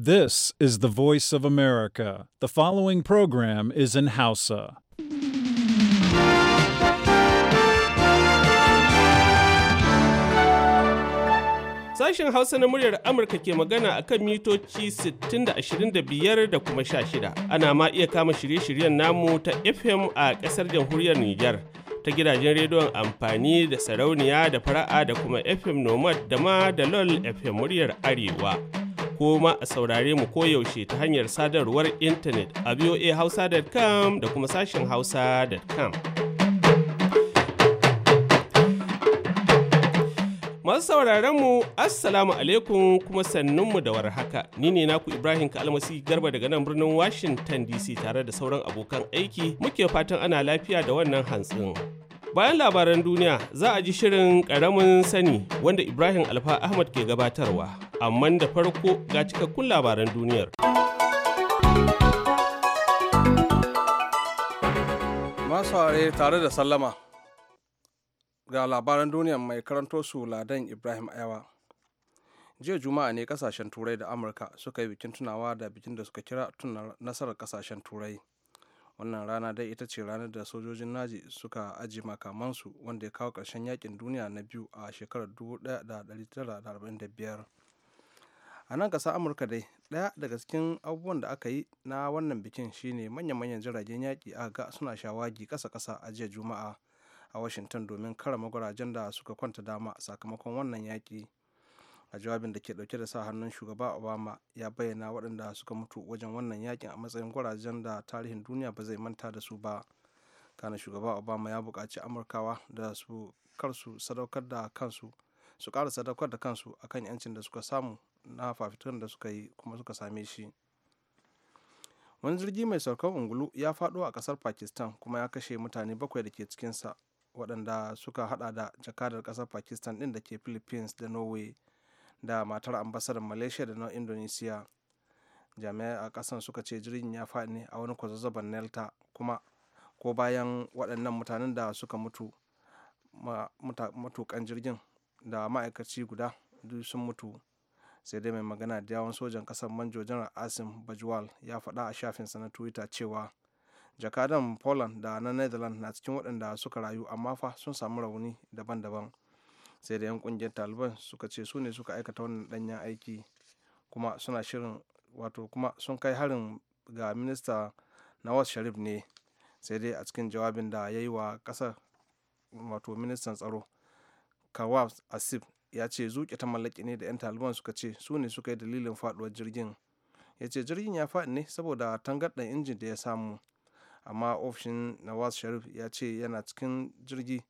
This is the voice of America. The following program is in Hausa. Sashen Hausa na muryar Amurka ke magana a kan mitoci 60-25 da kuma 16. Ana ma iya kama shirye-shiryen namu ta FM a ƙasar jamhuriyar Nijar. ta gidajen rediyon amfani da sarauniya da fara'a da kuma fm nomad da ma da lol fm muryar arewa Koma a saurare mu koyaushe ta hanyar sadarwar intanet a voahausa.com da kuma sashen hausa.com. Masu sauraron mu Assalamu alaikum kuma sannunmu da warhaka. Ni ne naku Ibrahim Kalmasi Garba daga nan birnin Washington DC tare da sauran abokan aiki muke fatan ana lafiya da wannan hantsin. Bayan labaran duniya za a ji shirin ƙaramin sani wanda Ibrahim Alfa Ahmad ke gabatarwa. amma da farko ga cikakkun labaran duniyar. Masu ware tare da sallama ga labaran duniyar mai karanto su Ladan Ibrahim ayawa Jiya Juma'a ne kasashen Turai da Amurka suka yi bikin tunawa da bikin da suka kira tunar nasarar kasashen Turai. Wannan rana dai ita ce ranar da sojojin Naji suka aji makamansu wanda ya kawo ƙarshen yakin duniya na biyu a shekarar 1945. a nan kasa amurka dai daya daga cikin abubuwan da aka yi na wannan bikin shine manya-manyan jiragen yaƙi a ga suna shawagi ƙasa-ƙasa a jiya juma'a a washington domin karama gurajen da suka kwanta dama sakamakon wannan yaƙi a jawabin da ke dauke da sa hannun shugaba obama ya bayyana waɗanda suka mutu wajen wannan yaƙin a matsayin gurajen da tarihin duniya ba zai manta da su ba kana shugaba obama ya buƙaci amurkawa da su kar su sadaukar da kansu su ƙara sadaukar da kansu akan 'yancin da suka samu na fafitan da suka yi kuma suka same shi wani jirgi mai saukan ungulu ya faɗo a ƙasar pakistan kuma ya kashe mutane bakwai da ke cikinsa waɗanda suka hada da jakadar kasar pakistan ɗin da ke philippines da norway da matar ambasadar malaysia da na indonesia jami'ai a ƙasan suka ce jirgin ya faɗi ne a wani kwazazzaban nelta kuma ko bayan waɗannan mutanen da suka mutu matukan jirgin da ma'aikaci guda sun mutu sai dai mai magana da yawon sojan kasar manjo janar asim bajwal ya faɗa a shafinsa na twitter cewa jakadan poland da na netherlands na cikin waɗanda suka rayu amma fa sun samu rauni daban-daban sai da 'yan ƙungiyar taliban suka ce su ne suka aikata wannan ɗanyen aiki kuma suna shirin wato kuma sun kai harin ga minista nawaz sharif ne sai dai a cikin jawabin da ya yi wa kasar wato ministan tsaro kawab asif ya ce zuke ta mallaki ne da 'yan taliban suka ce su ne suka yi dalilin faduwar jirgin ya ce jirgin ya faɗi ne saboda tangarɗar injin da ya samu amma ofishin nawaz sharif ya ce yana cikin jirgi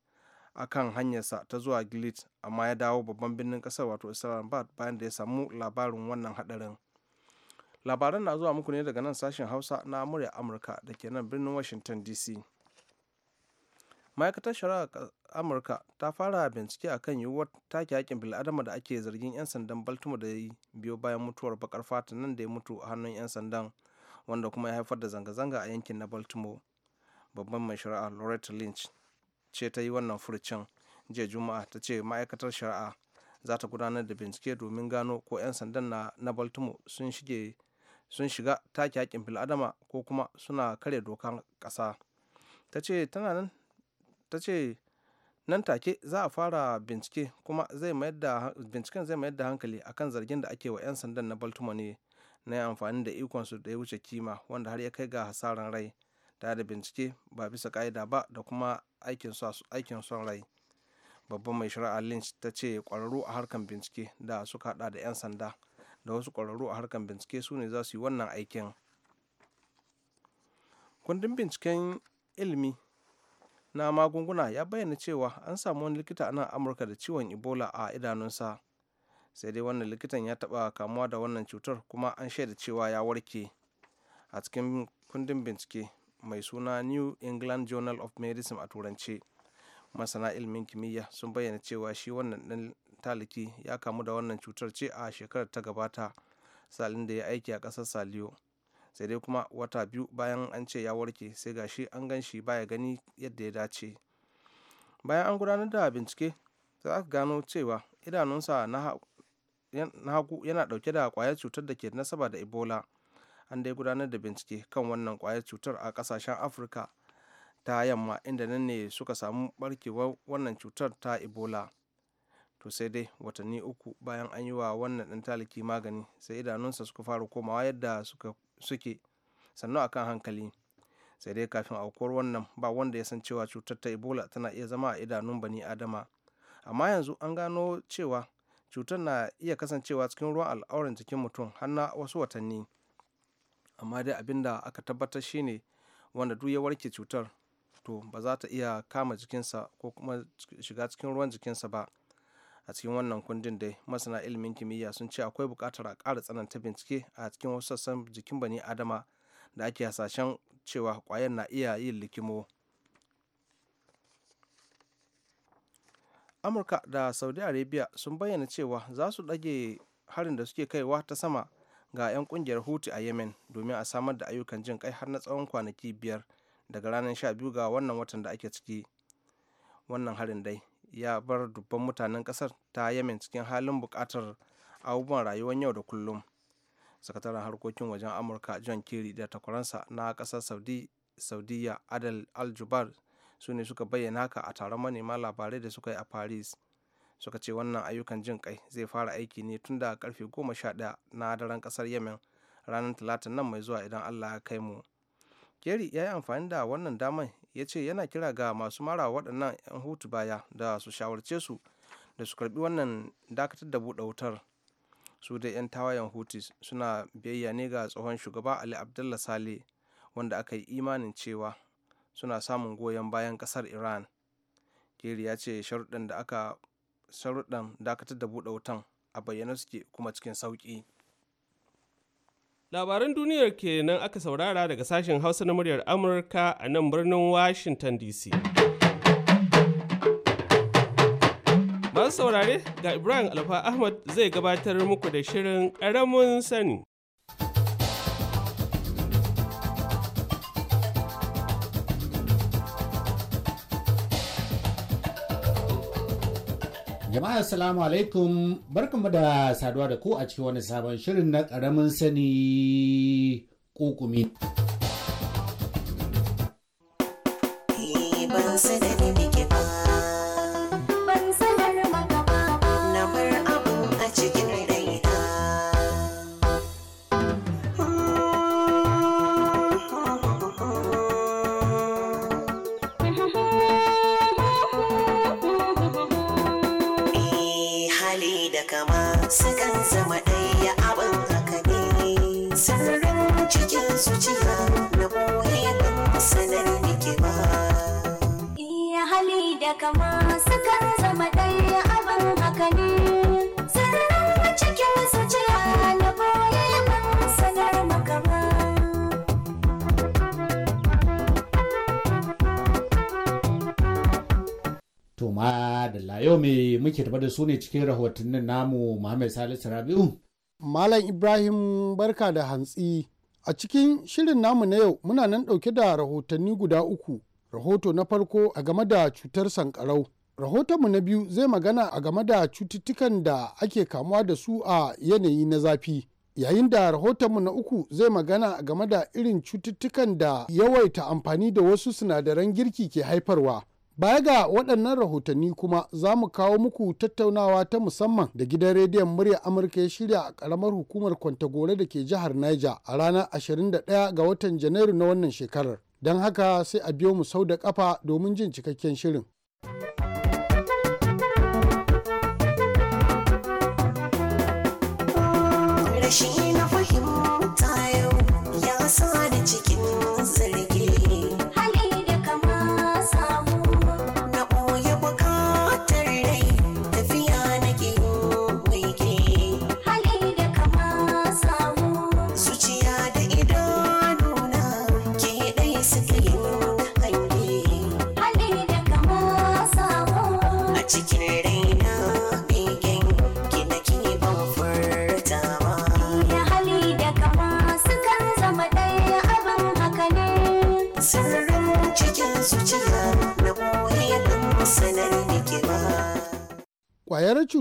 akan hanyarsa ta zuwa gilit amma ya dawo babban birnin kasar wato islamabad bayan da ya samu labarin wannan hadarin labaran na zuwa muku ne daga nan sashen hausa na amurya amurka da ke nan birnin washington dc ma'aikatar shari'ar amurka ta fara bincike a kan yiwuwar take haƙƙin bil'adama da ake zargin 'yan sandan baltimore da yi biyo bayan mutuwar bakar fata nan da ya mutu a hannun 'yan sandan wanda kuma ya haifar da zanga-zanga a yankin na baltimore babban mai shari'a loretta lynch ce ta yi wannan furucin jiya juma'a ta ce ma'aikatar shari'a za ta gudanar da bincike domin gano ko 'yan sandan na, na baltimore sun shige sun shiga take haƙƙin bil'adama ko kuma suna kare dokan ƙasa ta ce tana nan ta ce nan take za a fara bincike kuma binciken zai mayar da hankali akan zargin da ake wa 'yan sandan na baltimore ne na yi amfani da ikonsu da ya wuce kima wanda har ya kai ga hasaran rai da da bincike ba bisa ka'ida ba da kuma aikin son rai babban mai shari'a lynch ta ce kwararru a harkan bincike da suka hada da 'yan sanda da wasu kwararru a harkan bincike su ne za su yi wannan aikin kundin binciken ilimi na magunguna ya bayyana cewa an samu wani likita a nan amurka da ciwon ebola a idanunsa sai dai wannan likitan ya taɓa kamuwa da wannan cutar kuma an shaida cewa ya warke a cikin kundin bincike mai suna new england journal of medicine a turance masana ilmin kimiyya sun bayyana cewa shi wannan dan taliki ya kamu da wannan cutar ce a shekarar ta gabata salin da ya aiki a kasar salio. sai dai kuma wata biyu bayan an ce ya warke sai gashi an gan shi baya gani yadda ya dace bayan an gudanar da bincike za aka gano cewa idanunsa na hagu yana dauke da kwayar cutar da ke nasaba da ebola an dai gudanar da bincike kan wannan kwayar cutar a kasashen afirka ta yamma inda nan ne suka samu barkewar wannan cutar ta ebola to sai dai watanni uku bayan an yi wa wannan ɗan taliki magani sai idanunsa suka fara komawa yadda suka suke sannu a kan hankali sai dai kafin aukuwar wannan ba wanda ya san cewa cutar ta ebola tana iya zama a idanun bani adama amma yanzu an gano cewa cutar na iya kasancewa cikin ruwan al'auran jikin mutum har na wasu watanni amma dai abin da aka tabbatar shine wanda duk ya warke cutar to ba za ta iya kama jikinsa ko kuma shiga cikin ruwan jikinsa ba a cikin wannan kundin dai masana ilimin kimiyya sun ce akwai bukatar a ƙara tsananta bincike a cikin wasu sassan jikin bani adama da ake hasashen cewa ƙwayar na iya yin likimo amurka da saudi arabia sun bayyana cewa za su ɗage harin da suke kaiwa ta sama ga 'yan kungiyar hutu a yemen domin a samar da ayyukan jin kai har na tsawon kwanaki biyar daga ranar 12 ga wannan watan da ake ciki wannan harin dai ya bar dubban mutanen kasar ta yemen cikin halin bukatar abubuwan rayuwar yau da kullum sakataren harkokin wajen amurka john kerry da takwaransa na kasar saudiya adal aljubar su ne suka bayyana haka a taron manema labarai da suka yi a paris suka ce wannan ayyukan jin kai zai fara aiki ne tun da karfe 11 na daren kasar yemen ranar talatin nan mai zuwa idan allah ya kai mu kerry ya yi amfani da wannan damar ya ce yana kira ga masu mara waɗannan 'yan hutu baya da su shawarce su da su karbi wannan dakatar da buɗe wutar su da 'yan tawayen hutu suna biyayya ne ga tsohon shugaba ali abdullah sale wanda aka yi imanin cewa suna samun goyon bayan ƙasar iran kerry ya ce sharuɗan da aka sharuɗan dakatar da buɗe wutan a bayyane suke kuma cikin sauƙi. Labaran duniyar kenan aka saurara daga sashen Hausa na muryar Amurka a nan birnin Washington DC. Masu saurare ga Ibrahim Alfa Ahmad zai gabatar muku da shirin ƙaramin sani. Jama'a assalamu alaikum barkanmu da saduwa da ku a cikin wani sabon shirin na karamin sani kukumi. Eh, ban Madalla yau me muke tafa da su ne cikin rahotannin namu Muhammad Salisu Rabi'u. Malam Ibrahim barka da hantsi. A cikin shirin namu na yau muna nan ɗauke da rahotanni guda uku. Rahoto na farko a game da cutar sankarau. Rahotonmu na biyu zai magana a game da cututtukan da ake kamuwa da su a yanayi na zafi. Yayin da rahotonmu na uku zai magana a game da irin cututtukan da yawaita amfani da wasu sinadaran girki ke haifarwa. Baya ga waɗannan rahotanni kuma za mu kawo muku tattaunawa ta musamman da gidan rediyon murya Amurka ya shirya a ƙaramar hukumar Kwantagore da ke jihar Niger a ranar 21 ga watan Janairu na wannan shekarar. Don haka sai a biyo mu sau da ƙafa domin jin cikakken shirin. Rashin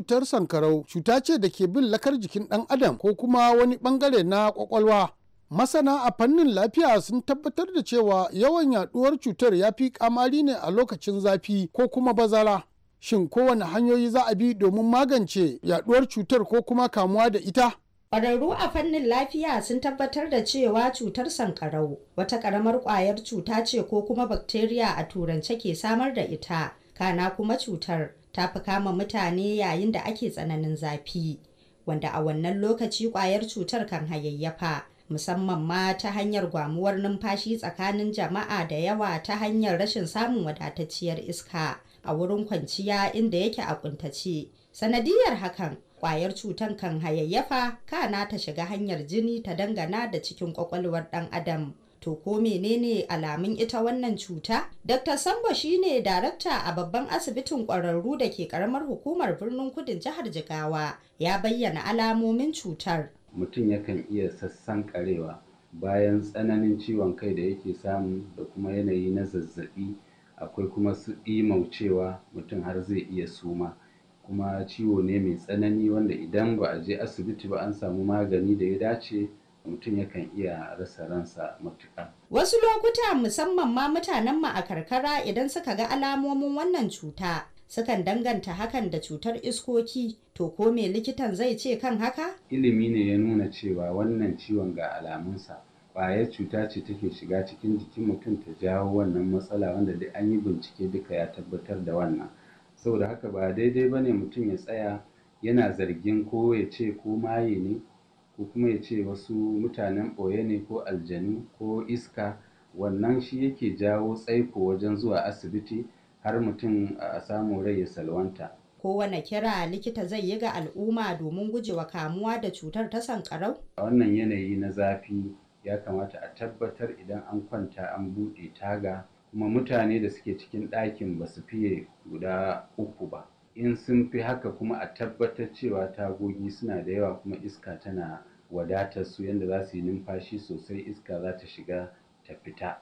cutar sankarau cuta ce da ke bin lakar jikin ɗan adam ko kuma wani ɓangare na ƙwaƙwalwa. Masana a fannin lafiya sun tabbatar da cewa yawan yaduwar cutar ya fi kamari ne a lokacin zafi ko kuma bazara. Shin kowane hanyoyi za a bi domin magance yaduwar cutar ko kuma kamuwa da ita? Ƙwararru a fannin lafiya sun tabbatar da cewa cutar sankarau wata ƙaramar ƙwayar cuta ce ko kuma bakteriya a turance ke samar da ita, kana kuma cutar ta fi kama mutane yayin da ake tsananin zafi wanda a wannan lokaci kwayar cutar kan hayayyafa musamman ma ta hanyar gwamuwar numfashi tsakanin jama'a da yawa ta hanyar rashin samun wadatacciyar iska a wurin kwanciya inda yake a kuntace sanadiyar hakan kwayar cutan kan hayayyafa kana ta shiga hanyar jini ta dangana da cikin kwakwalwar dan adam To ko menene alamun ita wannan cuta? Dr. Sambo shine darakta a babban asibitin ƙwararru da ke ƙaramar hukumar birnin kudin jihar Jigawa ya bayyana alamomin cutar. Mutum yakan iya sassan karewa bayan tsananin ciwon kai da yake samu da kuma yanayi na zazzabi akwai kuma su imaucewa mutum har zai iya suma kuma ciwo ne mai tsanani wanda idan ba a je asibiti ba an samu magani da ya dace mutum yakan iya rasa ransa matuƙa. Wasu lokuta musamman ma mutanen mu a karkara idan suka ga alamomin wannan cuta sukan danganta hakan da cutar iskoki to ko me likitan zai ce kan haka? Ilimi ne ya nuna cewa wannan ciwon ga alamunsa ƙwayar cuta ce take shiga cikin jikin mutum ta jawo wannan matsala wanda duk an yi bincike duka ya tabbatar da wannan saboda haka ba daidai ba ne mutum ya tsaya yana zargin ko ya ce ko maye ne ko kuma ya ce wasu mutanen ɓoye ne ko aljanu ko iska wannan shi yake jawo tsaiko wajen zuwa asibiti har mutum a samu rai ya salwanta kowane kira likita zai yi ga al'umma domin gujewa kamuwa da cutar ta sankarau a wannan yanayi na zafi ya kamata a tabbatar idan an kwanta an buɗe taga kuma mutane da suke cikin ɗakin ba su fiye guda uku ba in sun fi haka kuma a tabbatar cewa tagogi suna da yawa kuma iska tana wadatar su yadda za su yi numfashi sosai iska za ta shiga ta fita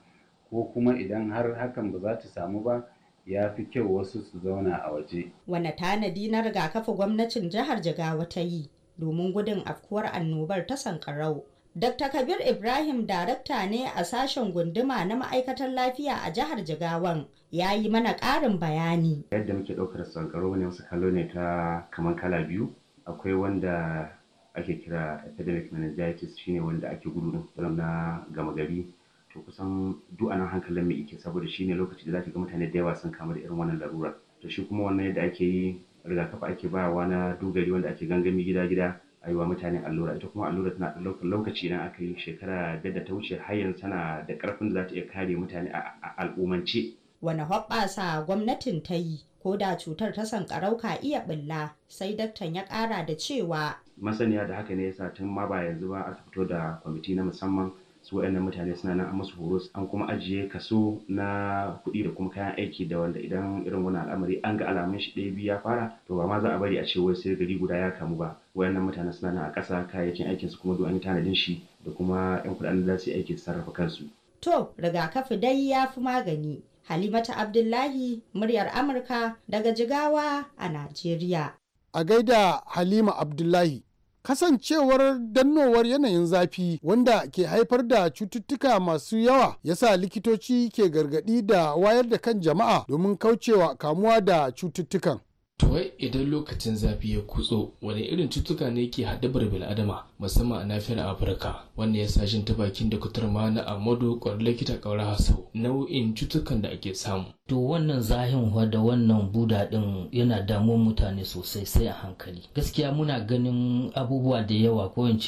ko kuma idan har hakan ba za ta samu ba ya fi kyau wasu su zauna a waje. Wane tanadi na rigakafi gwamnatin jihar Jigawa ta yi domin gudun afkuwar annobar ta sankarau? Dr. Kabir Ibrahim darakta ne a sashen gunduma na ma'aikatar lafiya a jihar Jigawan ya yi mana ƙarin bayani. Yadda muke ɗaukar sankaro ne wasu kalo ne ta kamar kala biyu akwai wanda ake kira epidemic meningitis shine wanda ake gudu na gama gari to kusan duk hankalin mai ike saboda shine lokaci da zaki ga mutane da yawa sun kama da irin wannan larura to shi kuma wannan yadda ake yi rigakafi ake bayarwa na dogari wanda ake gangami gida-gida a mutane allura ita kuma allura tana da lokaci idan aka yi shekara da ta wuce har yanzu tana da karfin da za ta iya kare mutane a al'umance. wani hoɓɓasa gwamnatin ta yi ko da cutar ta sankarau ka iya ɓilla, sai daktan ya ƙara da cewa. masaniya da haka ne yasa tun ma ba yanzu ba aka fito da kwamiti na musamman su waɗannan mutane suna nan an musu horo an kuma ajiye kaso na kuɗi da kuma kayan aiki da wanda idan irin wani al'amari an ga alamun shi ɗaya biyu ya fara to ba ma za a bari a ce wai sai gari guda ya kamu ba wayannan mutanen suna nan a ƙasa kayayyakin aikin su kuma duk an yi tanadin shi da kuma yan kuɗaɗen da za su yi aiki su sarrafa kansu to rigakafi dai ya fi magani halimata abdullahi muryar amurka daga jigawa a najeriya a gaida halima abdullahi kasancewar dannowar yanayin zafi wanda ke haifar da cututtuka masu yawa ya sa likitoci ke gargaɗi da wayar da kan jama'a domin kaucewa kamuwa da cututtukan tuwai idan lokacin zafi ya kutso wani irin cutuka ne ke haddabar adama. musamman a nafiyar afirka wanda ya shin ta bakin da kuturma na amadu kwarar likita kaura hasau nau'in cutukan da ake samu to wannan zahin da wannan buda din yana damuwar mutane sosai sai a hankali gaskiya muna ganin abubuwa da yawa ko in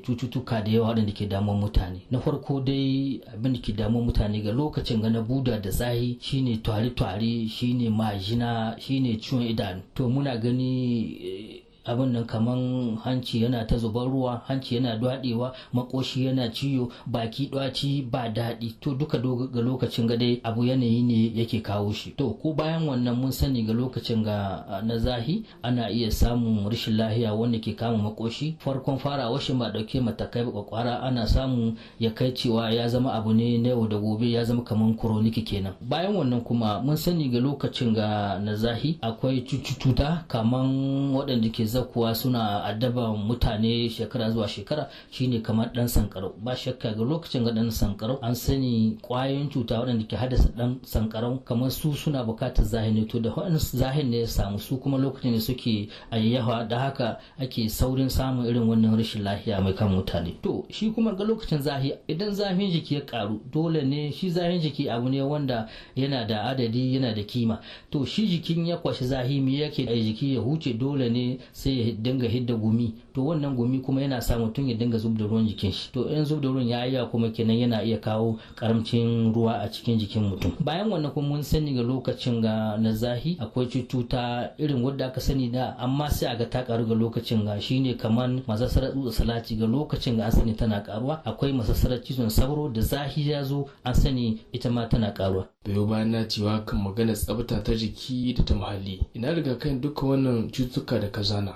cututtuka da yawa waɗanda ke damuwar mutane na farko dai abin da ke damuwar mutane ga lokacin ga buda da zahi shine tware-tware shine majina shine ciwon idanu to muna gani eh, abin nan kaman hanci yana ta zuban ruwa hanci yana dwadewa makoshi yana ciyo baki dwaci ba daɗi to duka ga lokacin ga dai abu yanayi ne yake kawo shi to ko bayan wannan mun sani ga lokacin ga na zahi ana iya samun rashin lahiya wanda ke kama makoshi farkon fara shi ba dauke matakai kwakwara ana samu ya kai cewa ya zama abu ne na yau da gobe ya zama kaman kuroniki kenan bayan wannan kuma mun sani ga lokacin ga na zahi akwai cututtuka kaman waɗanda ke zakuwa suna addaba mutane shekara zuwa shekara shine kamar dan sankarau ba shakka ga lokacin ga dan sankarau an sani kwayoyin cuta waɗanda ke haddasa dan sankarau kamar su suna bukatar zahiri to da wannan zahiri ne ya samu su kuma lokacin ne suke ayyawa da haka ake saurin samun irin wannan rashin lafiya mai kan mutane to shi kuma ga lokacin zahi idan zafin jiki ya karu dole ne shi zafin jiki abu ne wanda yana da adadi yana da kima to shi jikin ya kwashi zahi me yake jiki ya huce dole ne sai ya dinga hidda gumi to wannan gumi kuma yana sa mutum ya dinga zub da ruwan jikin shi to in zub da ruwan ya yi kuma kenan yana iya kawo karamcin ruwa a cikin jikin mutum bayan wannan kuma mun sani ga lokacin ga na zahi akwai cututa irin wadda aka sani da amma sai a ga ta karu ga lokacin ga shine kaman masasarar tsutsa salati ga lokacin ga an sani tana karuwa akwai masasarar cizon sauro da zahi ya zo an sani ita ma tana karuwa bayo bayan na cewa kan magana tsabta ta jiki da ta muhalli ina riga kan dukkan wannan cututtuka da kazana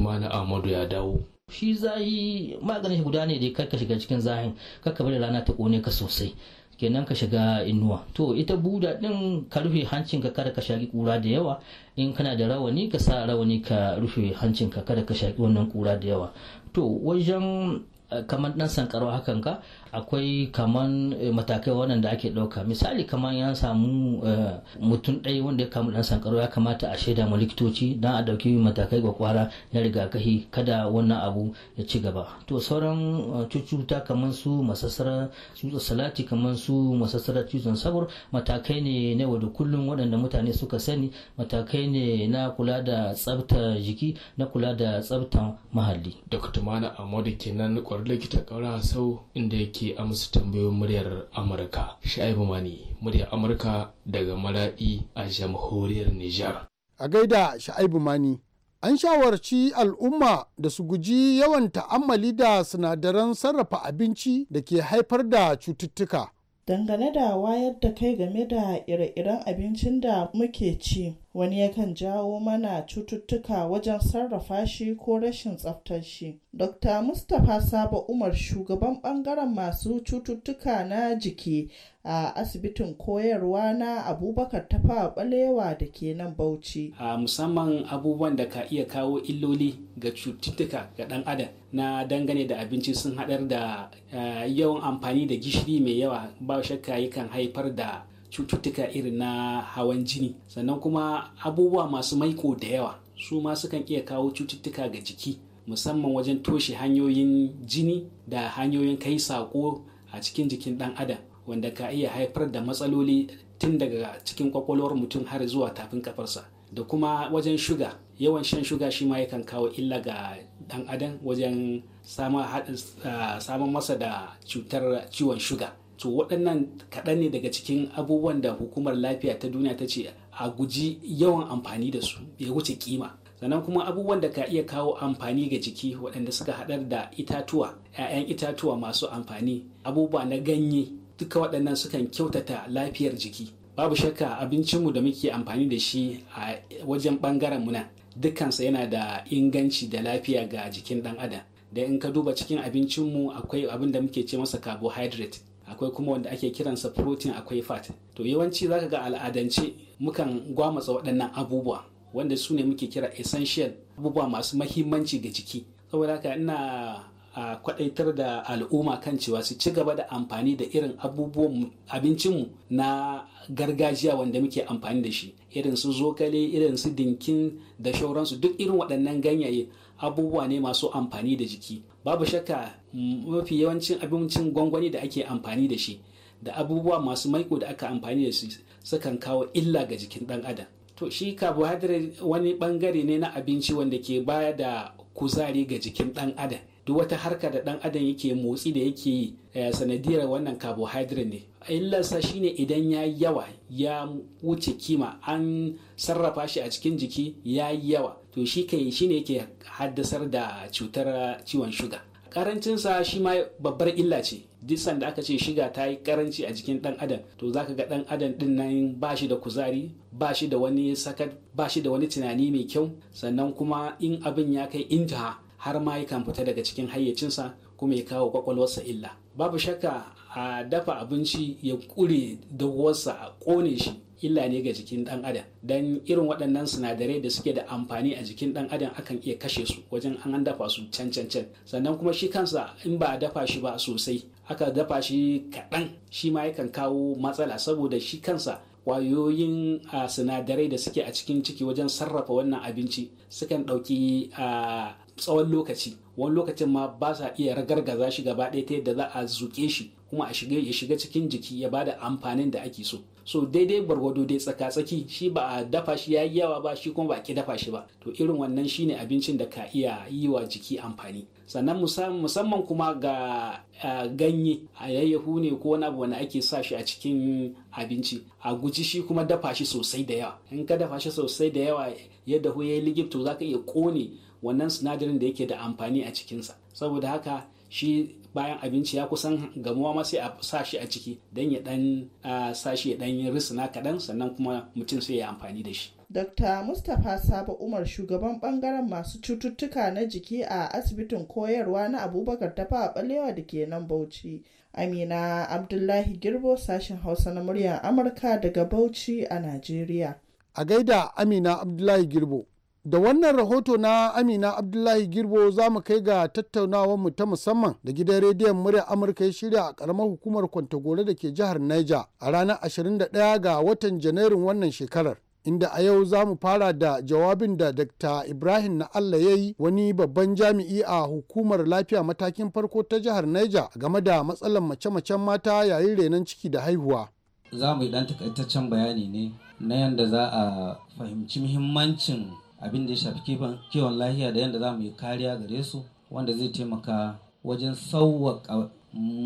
magana da amadu ya dawo shi zahi maganin shi guda ne da ka shiga cikin zahin karka bari rana ta kone ka sosai kenan ka shiga inuwa to ita buda din ka rufe hancin ka kada ka shaki kura da yawa in kana da rawani ka sa rawani ka rufe hancin ka kada ka shaki wannan kura da yawa to wajen eh, kamar dan sankarwa hakan ka akwai kaman eh, matakai waɗanda ake ɗauka misali kaman ya samu eh, mutum ɗaya wanda ya kamu ɗan sankaro ya kamata a shaida mu likitoci don a ɗauki matakai kwakwara na rigakafi kada wannan abu ya ci gaba to sauran eh, cututtuka kaman su masassara tsutsa salati kaman su masassara cizon sabur matakai ne na da kullum waɗanda mutane suka sani matakai ne na kula da tsabta jiki na kula da tsabta muhalli. Dr. Mana Amadu kenan kwarar likita ƙaura sau inda yake ke amsa tambayoyin muryar Amurka. Sha'ibu Mani, muryar Amurka daga maraɗi a jamhuriyar Nijar. A gaida Sha'ibu Mani, an shawarci al'umma da su guji yawan ta'ammali da sinadaran sarrafa abinci da ke haifar da cututtuka. Dangane da wayar da kai game da ire-iren abincin da muke ci, wani yakan jawo mana cututtuka wajen sarrafa shi ko rashin tsaftar shi. Dr. Mustapha Sabo Umar shugaban bangaren masu cututtuka na jiki a asibitin koyarwa na Abubakar tafa Balewa da ke nan Bauchi. A musamman abubuwan da ka iya kawo illoli ga cututtuka ga ɗan adam na dangane da abinci sun haɗar da eh, yawan amfani da gishiri mai yawa ba shakka yakan haifar da cututtuka irin na hawan jini sannan kuma abubuwa masu maiko da yawa su ma sukan iya kawo cututtuka ga jiki musamman wajen toshe hanyoyin jini da hanyoyin kai sako a cikin jikin dan adam wanda ka iya haifar da matsaloli tun daga cikin kwakwalwar mutum har zuwa tafin kafarsa da kuma wajen shuga yawan shan shuga shi ma yakan kawo illa ga dan adam wajen samun ah, masa da cutar ciwon shuga to waɗannan kaɗan ne daga cikin abubuwan da hukumar lafiya ta duniya ta ce a guji yawan amfani da su ya wuce kima sannan kuma abubuwan da ka iya kawo amfani ga jiki waɗanda suka haɗar da itatuwa 'ya'yan itatuwa masu amfani abubuwa na ganye duka waɗannan sukan kyautata lafiyar jiki babu shakka abincinmu da muke amfani da shi a wajen ɓangaren muna dukansa yana da inganci da lafiya ga jikin ɗan adam da in ka duba cikin abincinmu akwai abin da muke ce masa carbohydrate akwai kuma wanda ake kiransa protein akwai fat to yawanci zaka ga al'adance mukan gwamatsa waɗannan abubuwa wanda su ne muke kira essential abubuwa masu mahimmanci ga jiki saboda haka ina a kwadaitar da al'umma kan cewa su ci gaba da amfani da irin abubuwan abincinmu na gargajiya wanda muke amfani da shi irin su zogale irin su dinkin da shauransu duk irin waɗannan ganyaye abubuwa ne masu amfani da jiki babu shakka mafi yawancin abincin gwangwani da ake amfani da shi da abubuwa masu maiko da aka amfani da su sukan kawo illa ga jikin dan adam to shi carbohydrate wani bangare ne na abinci wanda ke baya da kuzari ga jikin dan adam duk wata harka da dan adam yake motsi da yake yi eh, sanadiyar wannan carbohydrate ne illarsa shine idan ya yawa ya wuce kima an sarrafa shi a cikin jiki ya yawa to shi kai shine yake haddasar da cutar ciwon shuga karancinsa shi ma babbar illa ce duk sanda aka ce shiga ta yi karanci a jikin dan adam to zaka ga dan adam din nan ba shi da kuzari ba da wani sakat ba shi da wani tunani mai kyau sannan kuma in abin ya kai intaha har ma yakan fita daga cikin hayyacinsa kuma ya kawo kwakwalwarsa illa babu shakka a dafa abinci ya kure dagwarsa a kone shi illa ne ga jikin dan adam dan irin waɗannan sinadarai da suke da amfani a jikin dan adam akan iya kashe su wajen an dafa su can can can sannan kuma shi kansa in ba a dafa shi ba sosai aka dafa shi kaɗan shi ma yakan kawo matsala saboda shi kansa kwayoyin sinadarai da suke a cikin ciki wajen sarrafa wannan abinci sukan ɗauki tsawon lokaci wani lokacin ma ba sa iya ragargaza shi gaba ɗaya ta yadda za a zuke shi kuma a shiga ya shiga cikin jiki ya bada amfanin da ake so so daidai gwargwado dai tsaka-tsaki shi ba a dafa shi ya yi yawa ba shi kuma ba ki dafa shi ba to irin wannan shine abincin da ka iya yi wa jiki amfani sannan musamman kuma ga ganye a yayyahu ne ko wani abu wanda ake sa shi a cikin abinci a guji shi kuma dafa shi sosai da yawa in ka dafa shi sosai da yawa yadda hu ya za ka iya kone wannan sinadarin da yake da amfani a cikinsa saboda haka shi bayan abinci ya kusan gamuwa ma sai a sa shi a ciki don ya dan sa shi ya dan yi risina kaɗan sannan kuma mutum sai ya amfani da shi. Dr. Mustapha Sabo Umar shugaban bangaren masu cututtuka na jiki a asibitin koyarwa na Abubakar ta fa Balewa da ke nan Bauchi. Amina Abdullahi Girbo sashen Hausa na muryar Amurka daga Bauchi a Najeriya. A gaida Amina Abdullahi Girbo. Da wannan rahoto na Amina Abdullahi Girbo za mu kai ga tattaunawar mu ta musamman da gidan rediyon murya Amurka ya shirya a karamar hukumar Kwantagore da ke jihar Niger a ranar 21 ga watan Janairun wannan shekarar. Inda a yau za mu fara da jawabin da Dr. Ibrahim na Allah ya yi wani babban jami'i a hukumar lafiya matakin farko ta jihar Niger game da matsalar mace-macen mata yayin renon ciki da haihuwa. Za mu yi ɗan takaitaccen bayani ne na yadda za a fahimci muhimmancin abin da ya shafi kiwon lahiya da yadda za mu yi kariya gare su wanda zai taimaka wajen sauwaƙa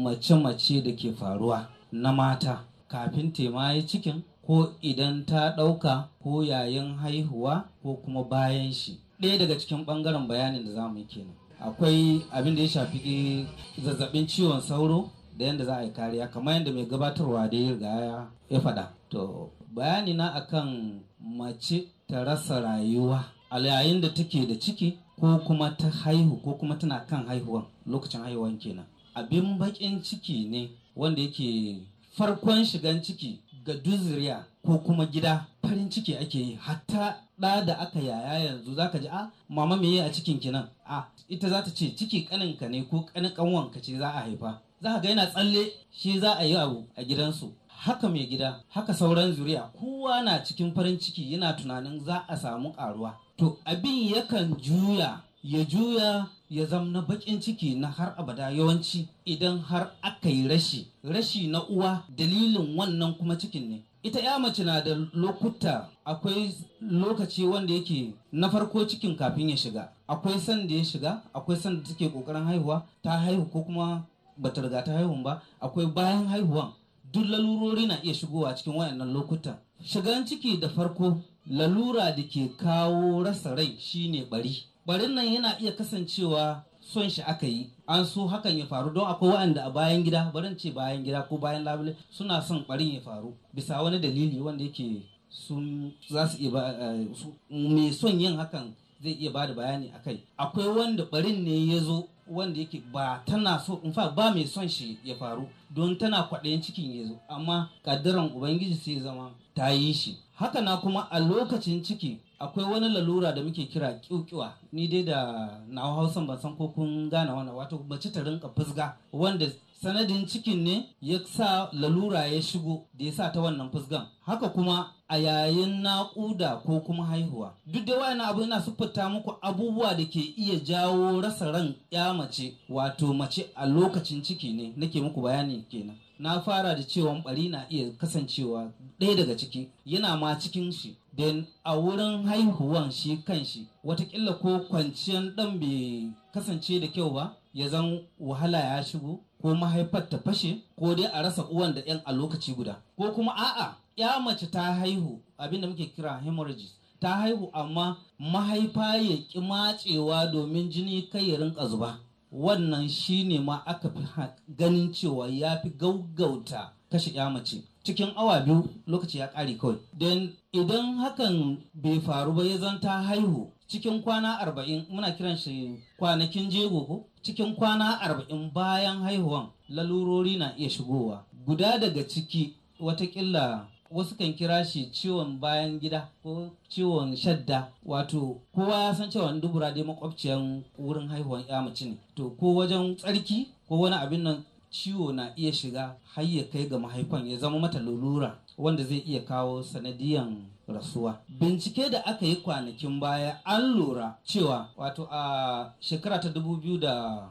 mace-mace da ke faruwa na mata kafin tema cikin ko idan ta ɗauka ko yayin haihuwa ko kuma bayan shi ɗaya daga cikin ɓangaren bayanin da za mu yi kenan akwai abin da ya shafi zazzabin ciwon sauro da yadda za a yi kariya kamar yadda mai gabatarwa da ya riga ya faɗa to bayani na akan mace ta rasa rayuwa a yayin da take da ciki ko kuma ta haihu ko kuma tana kan haihuwan lokacin haihuwan kenan abin bakin ciki ne wanda yake farkon shigan ciki ga duziriya, ko kuma gida farin ciki ake yi hatta ɗa da aka yaya yanzu za ka ji a ah, mama me yi a cikin kinan a ah, ita za ta ce ciki kaninka ne ko kanin kanwanka ce za a haifa za ka ga yana tsalle shi za a yi abu a gidansu haka mai gida haka sauran zuriya kowa na cikin farin ciki yana tunanin za a samu ƙaruwa to abin yakan juya ya juya ya zamna bakin ciki na har abada yawanci idan har aka yi rashi rashi na uwa dalilin wannan kuma cikin ne ita ya mace na da lokuta akwai lokaci wanda yake na farko cikin kafin ya shiga akwai san da ya shiga akwai san da take kokarin haihuwa ta haihu ko kuma bata riga ta haihu ba akwai bayan haihuwan duk lalurori na iya shigowa cikin wayannan lokutan shigan ciki da farko lalura da ke kawo rasa rai shine bari barin nan yana iya kasancewa son shi aka yi an so hakan ya faru don akwai waɗanda a bayan gida barin ce bayan gida ko bayan labule suna son barin ya faru bisa wani dalili wanda yake sun za su iya eh, mai son yin hakan zai iya bada bayani a kai akwai wanda barin ne ya zo wanda yake ba tana so in fa ba mai son shi ya faru don tana kwaɗayin cikin ya zo amma kaddaran ubangiji sai zama ta yi shi haka na kuma a lokacin ciki akwai wani lalura da muke kira kyukyuwa ni dai da nawa hausan ban san ko kun gane wannan wato mace ta rinka fusga wanda sanadin cikin ne ya sa lalura ya shigo da ya sa ta wannan fusgan haka kuma a yayin naƙuda ko kuma haihuwa duk da wani abu yana siffata muku abubuwa da ke iya jawo rasa ran ya mace wato mace a lokacin ciki ne nake muku bayani kenan na fara da cewa bari na iya kasancewa ɗaya daga ciki yana ma cikin shi den a wurin haihuwan shi kan shi watakila ko kwanciyar ɗan bai kasance da kyau ba ya zan wahala ya shigo ko mahaifar ta fashe ko dai a rasa uwan da yan a lokaci guda ko kuma a'a ya mace ta haihu abinda muke kira hemorrhages ta haihu amma mahaifa ya ki matsewa domin jini kai ya rinka zuba wannan shine ma aka fi ganin cewa ya fi gaugauta kashe ya mace cikin awa biyu lokaci ya kare kawai don idan hakan bai faru ba ya zan ta haihu cikin kwana arba'in muna kiran shi kwanakin jego ko cikin kwana arba'in bayan haihuwan lalurori na iya shigowa guda daga ciki watakila wasu kan kira shi ciwon bayan gida ko ciwon shadda wato kowa ya san cewa dubura dai makwabciyan wurin haihuwan ya mace ne to ko wajen tsarki ko wani abin nan ciwo na iya shiga har ya kai ga mahaifan ya zama mata lalura wanda zai iya kawo sanadiyan rasuwa. Mm. Bincike da aka yi kwanakin baya an lura cewa wato a shekara ta dubu biyu da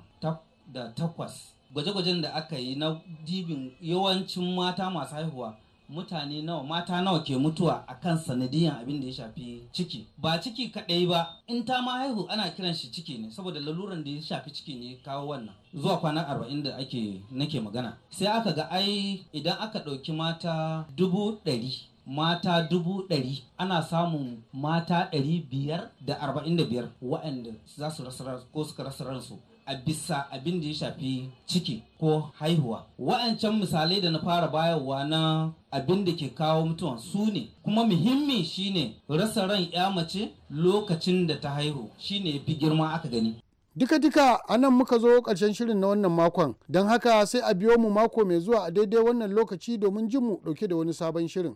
takwas gwaje-gwajen da aka yi na dibin yawancin mata masu haihuwa mutane nawa mata nawa ke mutuwa akan sanadiyan abin da ya shafi ciki ba ciki kaɗai ba in ta ma haihu ana kiran shi ciki ne saboda laluran da ya shafi ciki ne kawo wannan zuwa kwana arba'in da ake nake magana sai aka ga ai idan aka ɗauki mata dubu ɗari mata dubu ɗari ana samun mata ɗari biyar da arba'in da biyar waɗanda za su rasa ko suka rasa ransu a bisa abin da ya shafi ciki ko haihuwa wa'ancan misalai da na fara bayarwa na abin da ke kawo mutuwa su ne kuma muhimmi shine rasa ran ya mace lokacin da ta haihu shine ya fi girma aka gani Duka-duka a nan muka zo ƙarshen shirin na wannan makon, don haka sai a biyo mu mako mai zuwa a daidai wannan lokaci domin jin mu ɗauke da wani sabon shirin.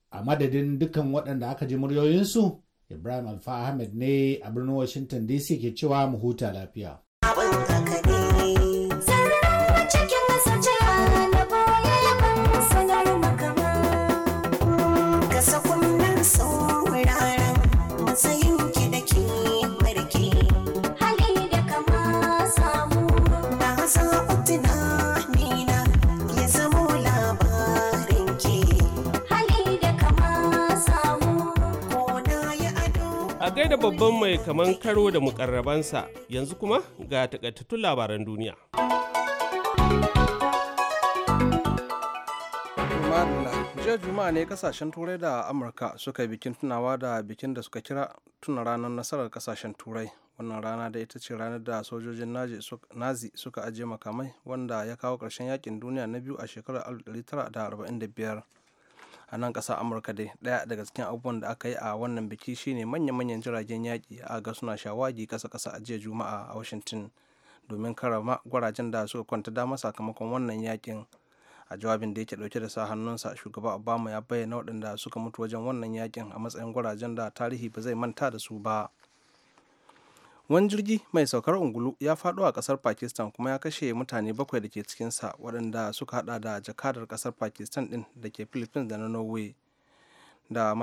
a madadin dukkan waɗanda aka ji muryoyinsu ibrahim alfa ahmed ne a birnin washington dc ke cewa mu huta lafiya da babban mai kaman karo da mukarrabansa yanzu kuma ga takaitattun labaran duniya. jiya juma'a ne kasashen turai da amurka suka yi bikin tunawa da bikin da suka kira tuna ranar nasarar kasashen turai wannan rana da ita ce ranar da sojojin nazi suka ajiye makamai wanda ya kawo ƙarshen yakin duniya na biyu a shekarar 1945 a nan ƙasar amurka dai daya daga cikin abubuwan da aka yi a wannan biki shine manya-manyan jiragen yaƙi a ga suna shawagi ƙasa-ƙasa a jiya juma'a a washington domin karama gwarajen da suka kwanta dama sakamakon wannan yaƙin a jawabin da yake ɗauke da sa hannunsa shugaba obama ya bayyana waɗanda suka mutu wajen wannan yaƙin a matsayin gwarajen da tarihi ba zai manta da su ba wani jirgi mai saukar ungulu ya fado a kasar pakistan kuma ya kashe mutane bakwai da ke cikinsa waɗanda suka hada da jakadar kasar pakistan din da ke philippines da na norway da,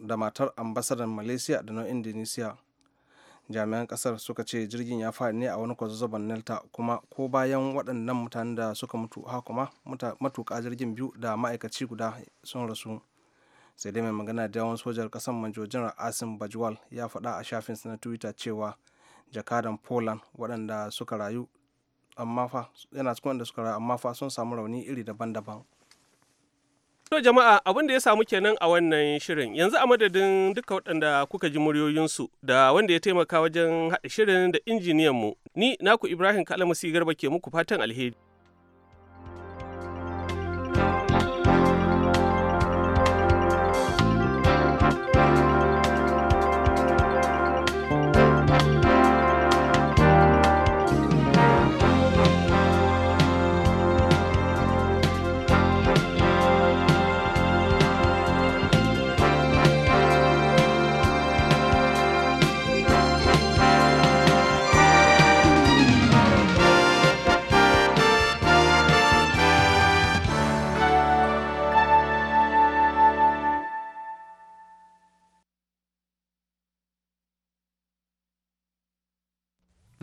matar ambasadan malaysia da na indonesia jami'an kasar suka ce jirgin ya faɗi ne a wani kwazazzaban nelta kuma ko bayan waɗannan mutanen da suka mutu ha kuma matuƙa jirgin biyu da ma'aikaci guda sun rasu sai dai mai magana da yawan sojar kasar manjojin asim bajwal ya faɗa a shafinsa na twitter cewa jakadan poland waɗanda suka rayu amma fa yana cikin waɗanda suka rayu amma fa sun samu rauni iri daban-daban To jama'a abin da ya samu kenan a wannan shirin yanzu a madadin duka waɗanda kuka ji muryoyinsu da wanda ya taimaka wajen haɗa shirin da injiniyanmu ni naku Ibrahim kalamasi Garba ke muku fatan alheri.